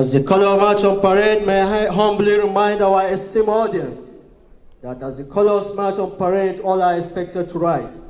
As the color march on parade, may I humbly remind our esteemed audience that as the colors march on parade, all are expected to rise.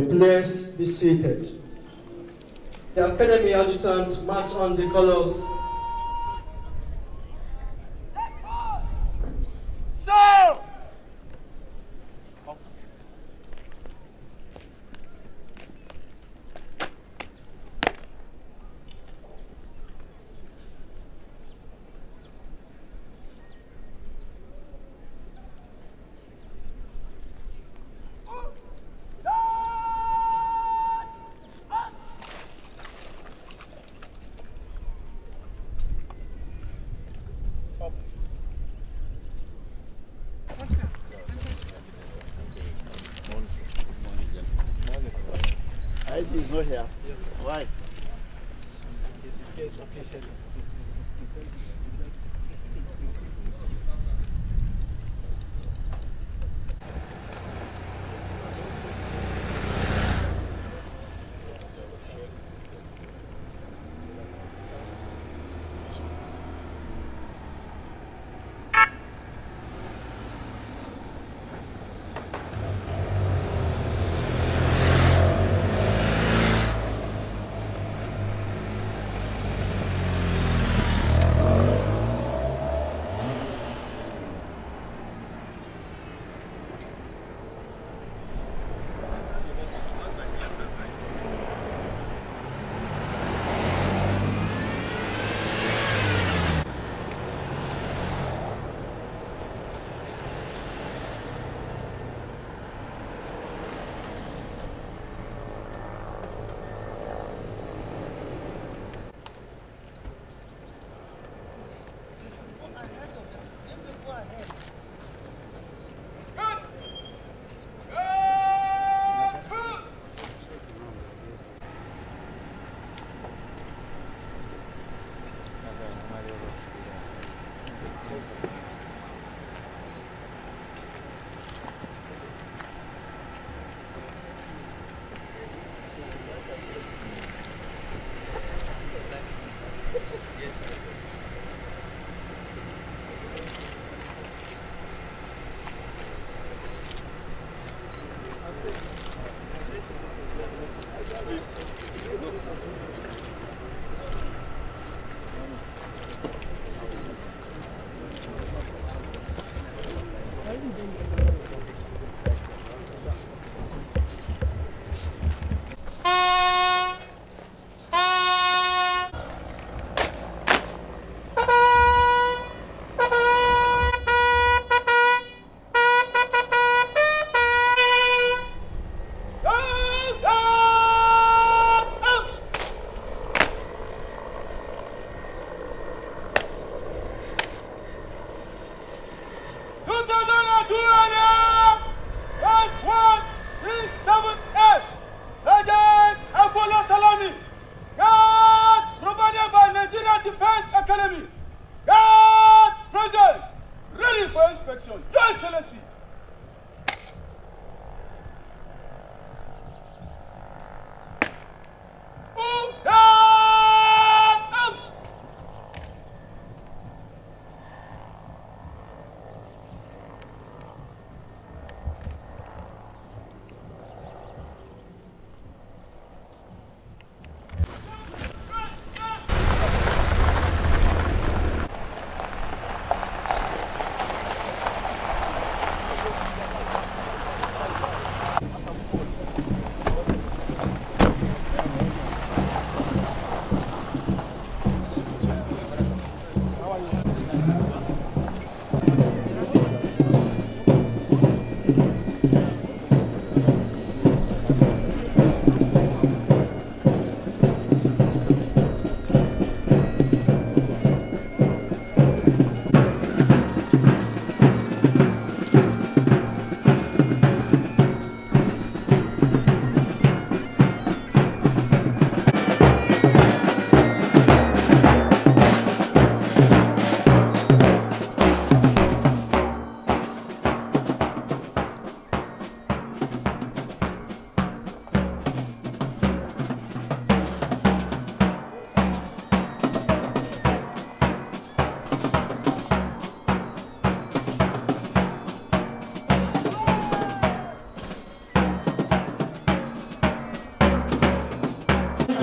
may please be seated. The Academy Adjutant march on the colors go Yes. Why? Right. Nigerian Defence Academy. God present, ready for inspection. Your Excellency.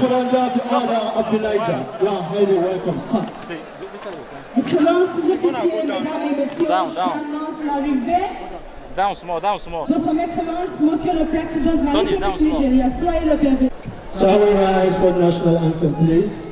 Commandant de Ada Abdelaja, la highly welcome, mesdames et messieurs, down, down. l'arrivée. Down small, down small. De son Excellence, Monsieur le Président de la République Nigeria, soyez le bienvenu. Shall we rise for national anthem, please?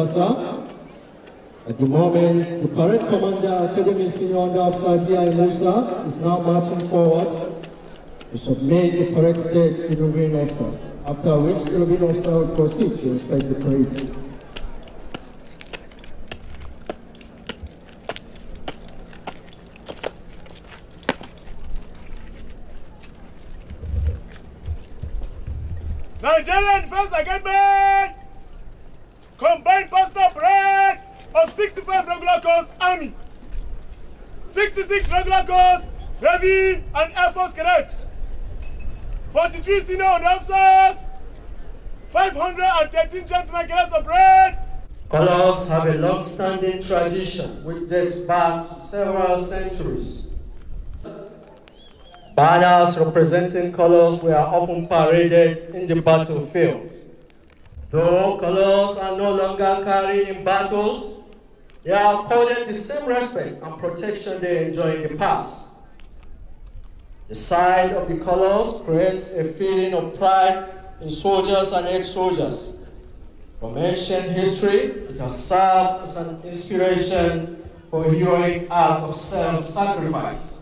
Sasa. At the moment, the parade commander, Academy Senior Under Officer T.I. Musa, is now marching forward to submit the parade stage to the green officer, after which the green officer will proceed to inspect the parade. Army. 66 regular corps, Navy and Air Force cadets. 43 senior officers. 513 gentlemen cadets bread. Colors have a long-standing tradition which dates back to several centuries. Banners representing colors were often paraded in the battlefield. Though colors are no longer carried in battles, they are accorded the same respect and protection they enjoyed in the past. The sight of the colors creates a feeling of pride in soldiers and ex-soldiers. From ancient history, it has served as an inspiration for heroic acts of self-sacrifice.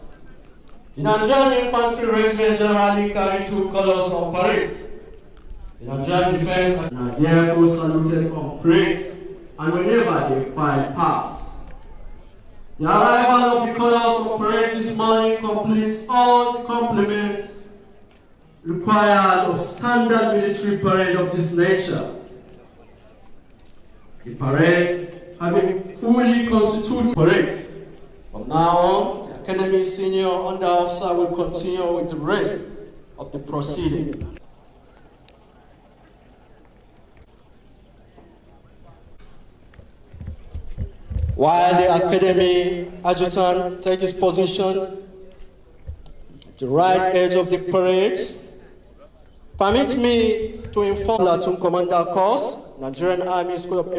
The Nigerian Infantry Regiment generally carry two colors on parade. The Nigerian Defense and Nigerian saluted on parade and whenever they find pass. The arrival of the colors of parade this morning completes all the complements required of standard military parade of this nature. The parade having fully constituted parade. From now on, the Academy senior under officer will continue with the rest of the proceeding. while the academy adjutant takes his position at the right edge of the parade. Permit me to inform Platoon Commander Kos, Nigerian Army School of